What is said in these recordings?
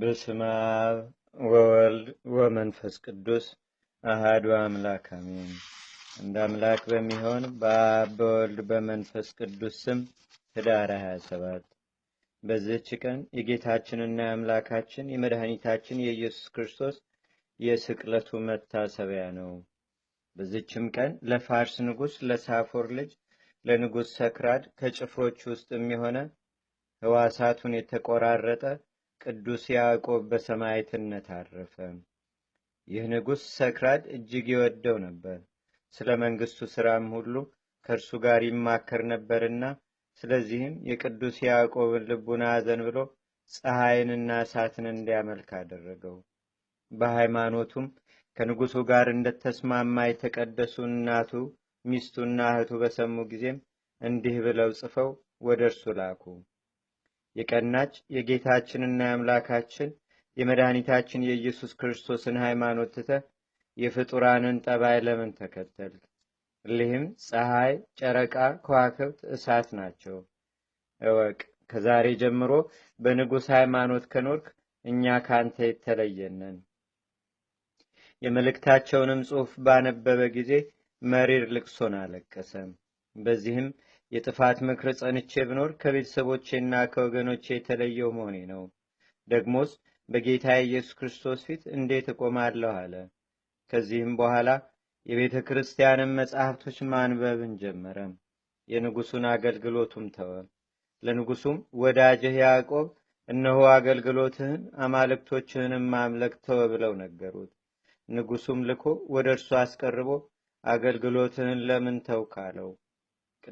በስመ አብ ወወልድ ወመንፈስ ቅዱስ አህዱ አምላክ አሜን። እንደ አምላክ በሚሆን በአብ በወልድ በመንፈስ ቅዱስ ስም ህዳር 27 በዚህች ቀን የጌታችንና የአምላካችን የመድኃኒታችን የኢየሱስ ክርስቶስ የስቅለቱ መታሰቢያ ነው። በዚችም ቀን ለፋርስ ንጉሥ ለሳፎር ልጅ ለንጉሥ ሰክራድ ከጭፍሮች ውስጥ የሚሆነ ህዋሳቱን የተቆራረጠ ቅዱስ ያዕቆብ በሰማይትነት አረፈ። ይህ ንጉሥ ሰክራድ እጅግ ይወደው ነበር። ስለ መንግሥቱ ሥራም ሁሉ ከእርሱ ጋር ይማከር ነበርና ስለዚህም የቅዱስ ያዕቆብን ልቡና አዘን ብሎ ፀሐይንና እሳትን እንዲያመልክ አደረገው። በሃይማኖቱም ከንጉሡ ጋር እንደተስማማ የተቀደሱ እናቱ ሚስቱና እህቱ በሰሙ ጊዜም እንዲህ ብለው ጽፈው ወደ እርሱ ላኩ። የቀናች የጌታችንና የአምላካችን የመድኃኒታችን የኢየሱስ ክርስቶስን ሃይማኖት ትተ የፍጡራንን ጠባይ ለምን ተከተል? እሊህም ፀሐይ፣ ጨረቃ፣ ከዋክብት፣ እሳት ናቸው። እወቅ፣ ከዛሬ ጀምሮ በንጉሥ ሃይማኖት ከኖርክ እኛ ካንተ የተለየነን። የመልእክታቸውንም ጽሑፍ ባነበበ ጊዜ መሪር ልቅሶን አለቀሰም። በዚህም የጥፋት ምክር ጸንቼ ብኖር ከቤተሰቦቼና ከወገኖቼ የተለየው መሆኔ ነው። ደግሞስ በጌታ ኢየሱስ ክርስቶስ ፊት እንዴት እቆማለሁ አለ። ከዚህም በኋላ የቤተ ክርስቲያንን መጻሕፍቶች ማንበብን ጀመረ። የንጉሡን አገልግሎቱም ተወ። ለንጉሡም ወዳጅህ ያዕቆብ እነሆ አገልግሎትህን አማልክቶችህንም ማምለክ ተወ ብለው ነገሩት። ንጉሡም ልኮ ወደ እርሱ አስቀርቦ አገልግሎትህን ለምን ተውካለው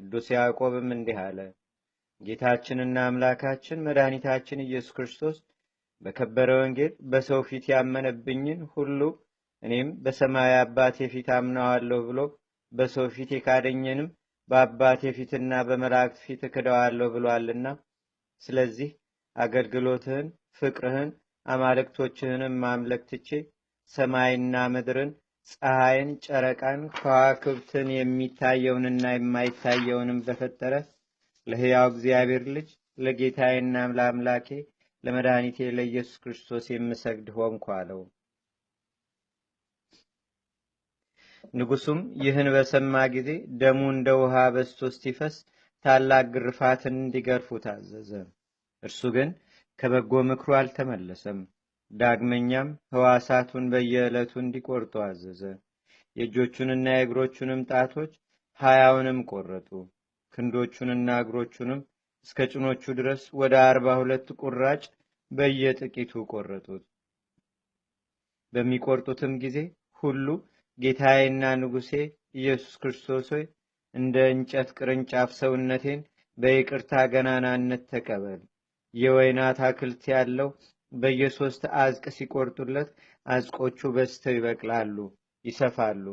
ቅዱስ ያዕቆብም እንዲህ አለ፣ ጌታችንና አምላካችን መድኃኒታችን ኢየሱስ ክርስቶስ በከበረ ወንጌል በሰው ፊት ያመነብኝን ሁሉ እኔም በሰማይ አባቴ ፊት አምነዋለሁ ብሎ በሰው ፊት የካደኝንም በአባቴ ፊትና በመላእክት ፊት እክደዋለሁ ብሏልና ስለዚህ አገልግሎትህን፣ ፍቅርህን፣ አማልክቶችህንም ማምለክ ትቼ ሰማይና ምድርን ፀሐይን፣ ጨረቃን፣ ከዋክብትን የሚታየውንና የማይታየውንም በፈጠረ ለሕያው እግዚአብሔር ልጅ ለጌታዬና ለአምላኬ ለመድኃኒቴ ለኢየሱስ ክርስቶስ የምሰግድ ሆንኩ አለው። ንጉሱም ይህን በሰማ ጊዜ ደሙ እንደ ውሃ በስቶ እስቲፈስ ታላቅ ግርፋትን እንዲገርፉ ታዘዘ። እርሱ ግን ከበጎ ምክሩ አልተመለሰም። ዳግመኛም ህዋሳቱን በየዕለቱ እንዲቆርጡ አዘዘ። የእጆቹንና የእግሮቹንም ጣቶች ሀያውንም ቆረጡ። ክንዶቹንና እግሮቹንም እስከ ጭኖቹ ድረስ ወደ አርባ ሁለት ቁራጭ በየጥቂቱ ቆረጡት። በሚቆርጡትም ጊዜ ሁሉ ጌታዬና ንጉሴ ኢየሱስ ክርስቶስ ሆይ እንደ እንጨት ቅርንጫፍ ሰውነቴን በይቅርታ ገናናነት ተቀበል፣ የወይና ታክልት ያለው በየሶስት አዝቅ ሲቆርጡለት አዝቆቹ በስተው ይበቅላሉ፣ ይሰፋሉ፣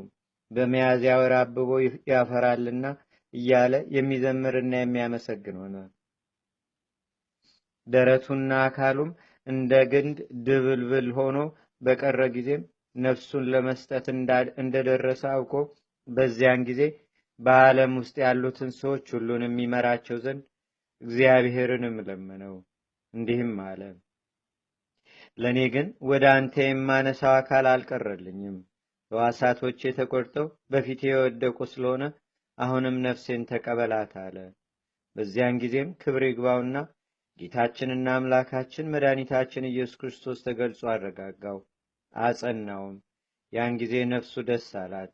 በሚያዝያ ወር አብቦ ያፈራልና እያለ የሚዘምርና የሚያመሰግን ሆነ። ደረቱና አካሉም እንደ ግንድ ድብልብል ሆኖ በቀረ ጊዜም ነፍሱን ለመስጠት እንደደረሰ አውቆ በዚያን ጊዜ በዓለም ውስጥ ያሉትን ሰዎች ሁሉን የሚመራቸው ዘንድ እግዚአብሔርን ለመነው፣ እንዲህም አለ፦ ለእኔ ግን ወደ አንተ የማነሳው አካል አልቀረልኝም። ሕዋሳቶቼ ተቆርጠው በፊቴ የወደቁ ስለሆነ አሁንም ነፍሴን ተቀበላት አለ። በዚያን ጊዜም ክብር ይግባውና ጌታችንና አምላካችን መድኃኒታችን ኢየሱስ ክርስቶስ ተገልጾ አረጋጋው፣ አጸናውም። ያን ጊዜ ነፍሱ ደስ አላት።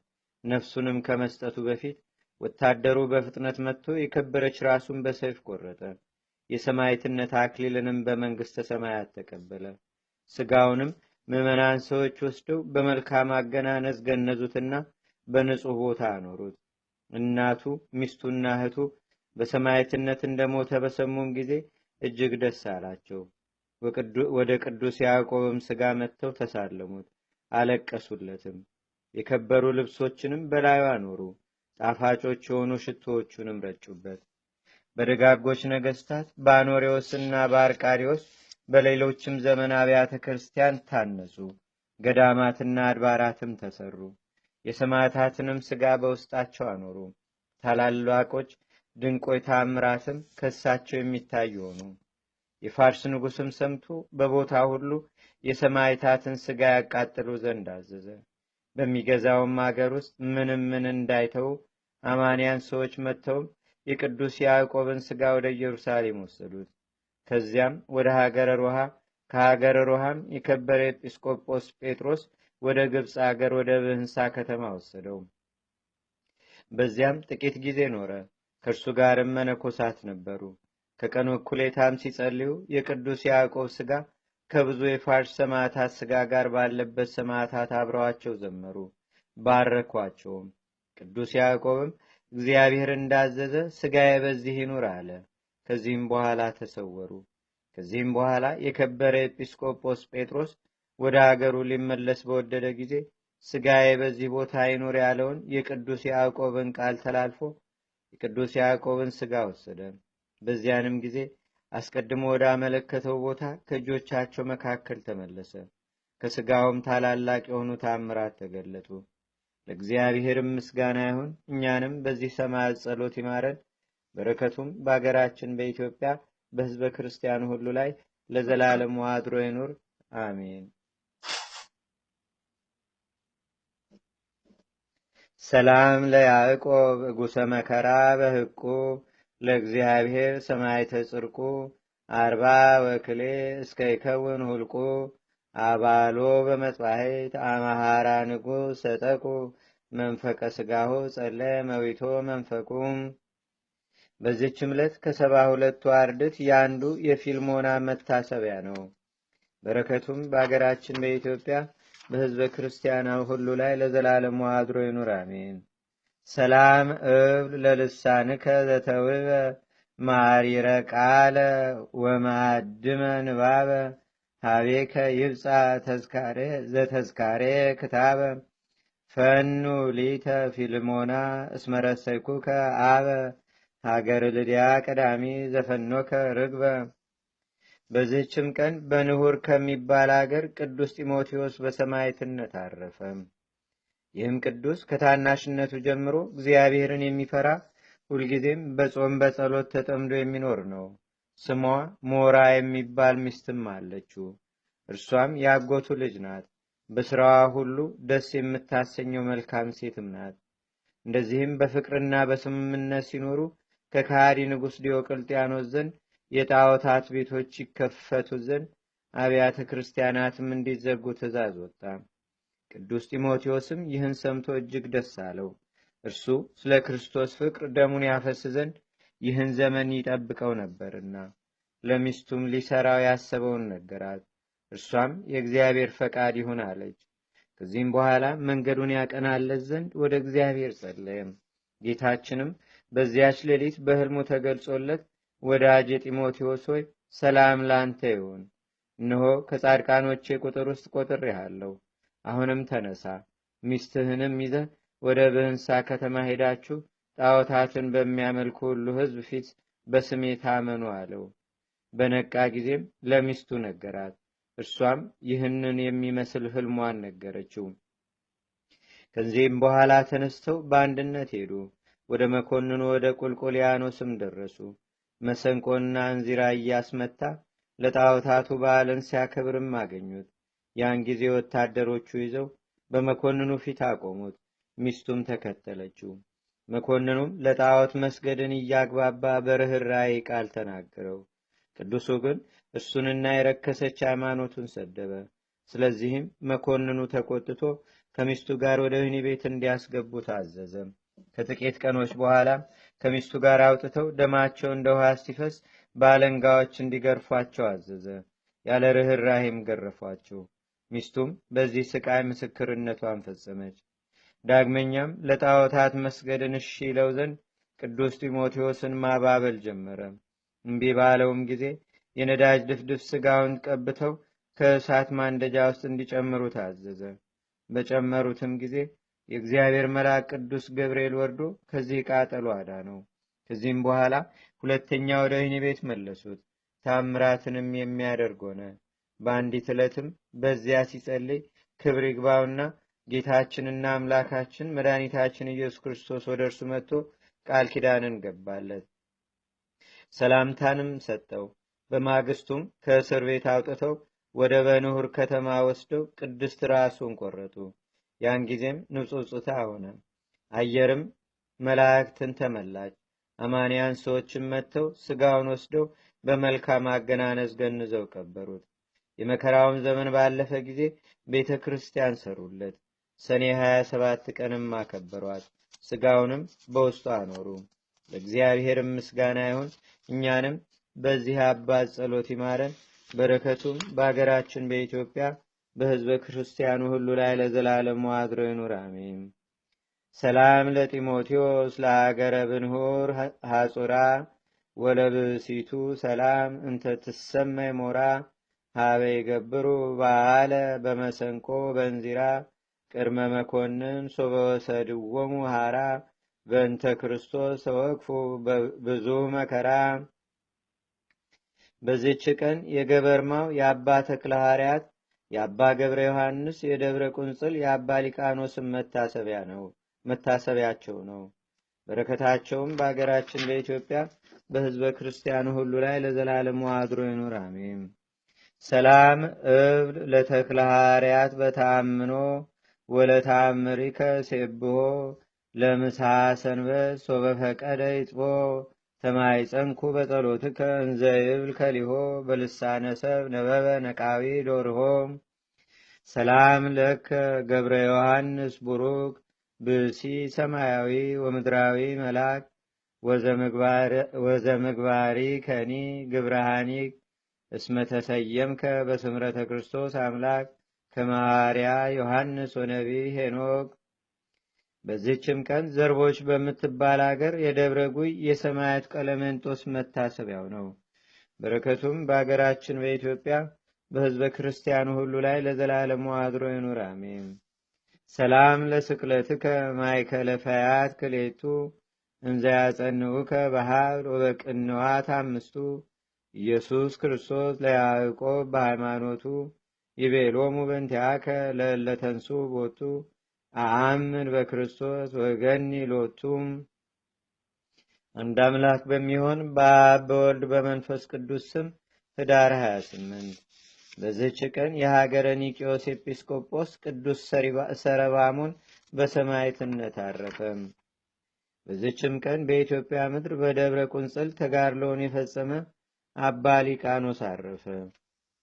ነፍሱንም ከመስጠቱ በፊት ወታደሩ በፍጥነት መጥቶ የከበረች ራሱን በሰይፍ ቆረጠ። የሰማይትነት አክሊልንም በመንግሥተ ሰማያት ተቀበለ። ስጋውንም ምዕመናን ሰዎች ወስደው በመልካም አገናነዝ ገነዙትና በንጹሕ ቦታ አኖሩት። እናቱ ሚስቱና እህቱ በሰማዕትነት እንደሞተ በሰሙም ጊዜ እጅግ ደስ አላቸው። ወደ ቅዱስ ያዕቆብም ሥጋ መጥተው ተሳለሙት፣ አለቀሱለትም። የከበሩ ልብሶችንም በላዩ አኖሩ፣ ጣፋጮች የሆኑ ሽቶዎቹንም ረጩበት። በደጋጎች ነገሥታት በአኖሬዎስና በአርቃሪዎስ በሌሎችም ዘመን አብያተ ክርስቲያን ታነጹ፣ ገዳማትና አድባራትም ተሰሩ። የሰማዕታትንም ሥጋ በውስጣቸው አኖሩ። ታላላቆች ድንቆይ ታምራትም ከእሳቸው የሚታይ ሆኑ። የፋርስ ንጉሥም ሰምቶ በቦታ ሁሉ የሰማዕታትን ሥጋ ያቃጥሉ ዘንድ አዘዘ። በሚገዛውም አገር ውስጥ ምንም ምን እንዳይተው አማንያን ሰዎች መጥተውም የቅዱስ ያዕቆብን ሥጋ ወደ ኢየሩሳሌም ወሰዱት። ከዚያም ወደ ሀገረ ሮሃ ከሀገረ ሮሃም የከበረ ኤጲስቆጶስ ጴጥሮስ ወደ ግብፅ አገር ወደ ብህንሳ ከተማ ወሰደው። በዚያም ጥቂት ጊዜ ኖረ። ከእርሱ ጋርም መነኮሳት ነበሩ። ከቀኑ እኩሌታም ሲጸልዩ የቅዱስ ያዕቆብ ስጋ ከብዙ የፋርስ ሰማዕታት ስጋ ጋር ባለበት ሰማዕታት አብረዋቸው ዘመሩ፣ ባረኳቸውም። ቅዱስ ያዕቆብም እግዚአብሔር እንዳዘዘ ስጋ በዚህ ይኑር አለ። ከዚህም በኋላ ተሰወሩ። ከዚህም በኋላ የከበረ ኤጲስቆጶስ ጴጥሮስ ወደ አገሩ ሊመለስ በወደደ ጊዜ ስጋዬ በዚህ ቦታ አይኑር ያለውን የቅዱስ ያዕቆብን ቃል ተላልፎ የቅዱስ ያዕቆብን ስጋ ወሰደ። በዚያንም ጊዜ አስቀድሞ ወደ አመለከተው ቦታ ከእጆቻቸው መካከል ተመለሰ። ከስጋውም ታላላቅ የሆኑ ታምራት ተገለጡ። ለእግዚአብሔርም ምስጋና ይሁን። እኛንም በዚህ ሰማያት ጸሎት ይማረን በረከቱም በአገራችን በኢትዮጵያ በህዝበ ክርስቲያኑ ሁሉ ላይ ለዘላለም አድሮ ይኑር፣ አሜን። ሰላም ለያዕቆብ እጉሰ መከራ በህቁ ለእግዚአብሔር ሰማይተ ጽርቁ አርባ ወክሌ እስከ ይከውን ሁልቁ አባሎ በመጽባሕት አማሃራ ንጉሥ ሰጠቁ መንፈቀ ስጋሁ ጸለ መዊቶ መንፈቁም በዚች ዕለት ከሰባ ሁለቱ አርድት የአንዱ የፊልሞና መታሰቢያ ነው። በረከቱም በአገራችን በኢትዮጵያ በሕዝበ ክርስቲያናዊ ሁሉ ላይ ለዘላለሙ አድሮ ይኑር፣ አሜን። ሰላም እብል ለልሳንከ ዘተውበ ማሪረ ቃለ ወማድመ ንባበ ሀቤከ ይብፃ ተዝካሬ ዘተዝካሬ ክታበ ፈኑ ሊተ ፊልሞና እስመረሰይኩከ አበ ሀገር ልድያ ቀዳሚ ዘፈኖከ ርግበ በዚህችም ቀን በንሁር ከሚባል አገር ቅዱስ ጢሞቴዎስ በሰማይትነት አረፈ። ይህም ቅዱስ ከታናሽነቱ ጀምሮ እግዚአብሔርን የሚፈራ ሁልጊዜም በጾም በጸሎት ተጠምዶ የሚኖር ነው። ስሟ ሞራ የሚባል ሚስትም አለችው። እርሷም ያጎቱ ልጅ ናት። በሥራዋ ሁሉ ደስ የምታሰኘው መልካም ሴትም ናት። እንደዚህም በፍቅርና በስምምነት ሲኖሩ ከካሃዲ ንጉሥ ዲዮቅልጥያኖስ ዘንድ የጣዖታት ቤቶች ይከፈቱ ዘንድ አብያተ ክርስቲያናትም እንዲዘጉ ትእዛዝ ወጣ። ቅዱስ ጢሞቴዎስም ይህን ሰምቶ እጅግ ደስ አለው። እርሱ ስለ ክርስቶስ ፍቅር ደሙን ያፈስ ዘንድ ይህን ዘመን ይጠብቀው ነበርና ለሚስቱም ሊሰራው ያሰበውን ነገራት። እርሷም የእግዚአብሔር ፈቃድ ይሁን አለች። ከዚህም በኋላ መንገዱን ያቀናለት ዘንድ ወደ እግዚአብሔር ጸለየም። ጌታችንም በዚያች ሌሊት በሕልሙ ተገልጾለት ወዳጄ ጢሞቴዎስ ሆይ ሰላም ላንተ ይሁን፣ እነሆ ከጻድቃኖቼ ቁጥር ውስጥ ቆጥሬሃለሁ። አሁንም ተነሳ፣ ሚስትህንም ይዘ ወደ ብህንሳ ከተማ ሄዳችሁ ጣዖታትን በሚያመልኩ ሁሉ ሕዝብ ፊት በስሜ ታመኑ አለው። በነቃ ጊዜም ለሚስቱ ነገራት። እርሷም ይህንን የሚመስል ሕልሟን ነገረችው። ከዚህም በኋላ ተነስተው በአንድነት ሄዱ። ወደ መኮንኑ ወደ ቁልቁልያኖስም ደረሱ። መሰንቆና እንዚራ እያስመታ ለጣዖታቱ በዓልን ሲያከብርም አገኙት። ያን ጊዜ ወታደሮቹ ይዘው በመኮንኑ ፊት አቆሙት። ሚስቱም ተከተለችው። መኮንኑም ለጣዖት መስገድን እያግባባ በርኅራኄ ቃል ተናገረው። ቅዱሱ ግን እሱንና የረከሰች ሃይማኖቱን ሰደበ። ስለዚህም መኮንኑ ተቆጥቶ ከሚስቱ ጋር ወደ ወህኒ ቤት እንዲያስገቡ አዘዘም ከጥቂት ቀኖች በኋላ ከሚስቱ ጋር አውጥተው ደማቸው እንደ ውሃ ሲፈስ በአለንጋዎች እንዲገርፏቸው አዘዘ። ያለ ርኅራሄም ገረፏቸው። ሚስቱም በዚህ ስቃይ ምስክርነቷን ፈጸመች። ዳግመኛም ለጣዖታት መስገድን እሺ ይለው ዘንድ ቅዱስ ጢሞቴዎስን ማባበል ጀመረ። እምቢ ባለውም ጊዜ የነዳጅ ድፍድፍ ስጋውን ቀብተው ከእሳት ማንደጃ ውስጥ እንዲጨምሩ ታዘዘ። በጨመሩትም ጊዜ የእግዚአብሔር መልአክ ቅዱስ ገብርኤል ወርዶ ከዚህ ቃጠሎ ነው። ከዚህም በኋላ ሁለተኛ ወደ ወህኒ ቤት መለሱት። ታምራትንም የሚያደርግ ሆነ። በአንዲት ዕለትም በዚያ ሲጸልይ ክብር ይግባውና ጌታችንና አምላካችን መድኃኒታችን ኢየሱስ ክርስቶስ ወደ እርሱ መጥቶ ቃል ኪዳንን ገባለት፣ ሰላምታንም ሰጠው። በማግስቱም ከእስር ቤት አውጥተው ወደ በንሁር ከተማ ወስደው ቅድስት ራሱን ቆረጡ። ያን ጊዜም ንጹጽታ ሆነ። አየርም መላእክትን ተመላች። አማንያን ሰዎችም መጥተው ስጋውን ወስደው በመልካም አገናነዝ ገንዘው ቀበሩት። የመከራውም ዘመን ባለፈ ጊዜ ቤተ ክርስቲያን ሰሩለት። ሰኔ 27 ቀንም አከበሯት። ስጋውንም በውስጡ አኖሩ። ለእግዚአብሔር ምስጋና ይሁን። እኛንም በዚህ አባት ጸሎት ይማረን። በረከቱም በአገራችን በኢትዮጵያ በሕዝበ ክርስቲያኑ ሁሉ ላይ ለዘላለሙ አድሮ ይኑር፣ አሜን። ሰላም ለጢሞቴዎስ ለሀገረ ብንሁር ሐጹራ ወለብሲቱ ሰላም እንተ ትሰመይ ሞራ ሀበይ ገብሩ በአለ በመሰንቆ በንዚራ ቅድመ መኮንን ሶበወሰድዎሙ ሃራ በእንተ ክርስቶስ ተወቅፉ ብዙ መከራ። በዚች ቀን የገበርማው የአባ ተክለ ሐዋርያት የአባ ገብረ ዮሐንስ የደብረ ቁንጽል የአባ ሊቃኖስን መታሰቢያ ነው መታሰቢያቸው ነው። በረከታቸውም በአገራችን በኢትዮጵያ በህዝበ ክርስቲያኑ ሁሉ ላይ ለዘላለሙ አድሮ ይኑር፣ አሜም ሰላም እብል ለተክለ ሐዋርያት በታምኖ ወለታምሪከ ሴብሆ ለምሳ ሰንበት ሶበፈቀደ ይጥቦ ተማይፀንኩ በጸሎትከ እንዘ ይብል ከሊሆ በልሳነ ሰብ ነበበ ነቃዊ ዶርሆ ሰላም ለከ ገብረ ዮሐንስ ቡሩክ ብሲ ሰማያዊ ወምድራዊ መላክ ወዘምግባሪ ከኒ ግብረሃኒ እስመተሰየምከ በስምረተ ክርስቶስ አምላክ ከማርያ ዮሐንስ ወነቢ ሄኖክ በዚህችም ቀን ዘርቦች በምትባል አገር የደብረ ጉይ የሰማያት ቀለመንጦስ መታሰቢያው ነው። በረከቱም በአገራችን በኢትዮጵያ በህዝበ ክርስቲያኑ ሁሉ ላይ ለዘላለሙ አድሮ ይኑር፣ አሜን። ሰላም ለስቅለት ማይከለ ፈያት ክሌቱ እንዘ ያጸንዑከ ወበቅንዋት አምስቱ ኢየሱስ ክርስቶስ ለያዕቆብ በሃይማኖቱ ይቤሎሙ በንቲያከ ለለተንሱ ቦቱ አአምን በክርስቶስ ወገኒ ሎቱም አንድ አምላክ በሚሆን በአብ በወልድ በመንፈስ ቅዱስ ስም ህዳር 28 በዝህች ቀን የሀገረ ኒቂዮስ ኤጲስቆጶስ ቅዱስ ሰረባሙን በሰማይትነት አረፈ በዝችም ቀን በኢትዮጵያ ምድር በደብረ ቁንጽል ተጋድሎውን የፈጸመ አባ ሊቃኖስ አረፈ።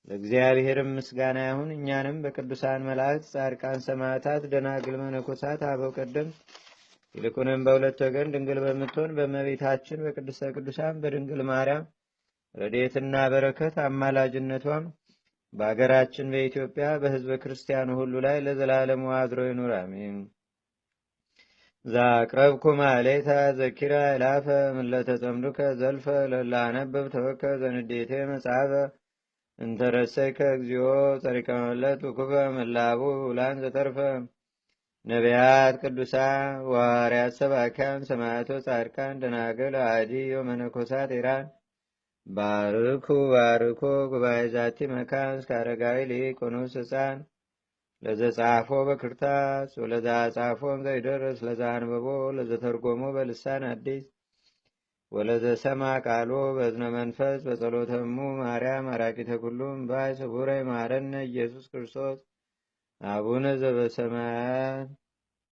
ለእግዚአብሔርም ምስጋና ይሁን። እኛንም በቅዱሳን መላእክት፣ ጻድቃን፣ ሰማዕታት፣ ደናግል፣ መነኮሳት፣ አበው ቀደም ይልቁንም በሁለት ወገን ድንግል በምትሆን በእመቤታችን በቅድስተ ቅዱሳን በድንግል ማርያም ረድኤትና በረከት አማላጅነቷም በአገራችን በኢትዮጵያ በሕዝበ ክርስቲያኑ ሁሉ ላይ ለዘላለሙ አድሮ ይኑር። አሜን። ዛቅረብኩ ማሌታ ዘኪራ ይላፈ ምለተጸምዱከ ዘልፈ ለላነበብ ተወከ ዘንዴቴ መጽሐፈ እንተረሰከ እግዚኦ ጸሪቀመለት ውኩበ መላቡ ውላን ዘተርፈ ነቢያት ቅዱሳን ዋርያት ሰባኪያን ሰማያቶ ጻድቃን ደናግል አዲ ወመነኮሳት ኢራን ባርኩ ባርኩ ጉባኤ ዛቲ መካን እስከ አረጋዊ ሊቆኖስ ህፃን ለዘጻፎ በክርታስ ወለዛ ጻፎም ለዛ አንብቦ ለዘተርጎሞ በልሳን አዲስ ወለዘሰማ ቃሎ በዝነ መንፈስ በጸሎተሙ ማርያም አራቂተ ኩሉም ባይ ስቡረ ማረነ ኢየሱስ ክርስቶስ አቡነ ዘበሰማያት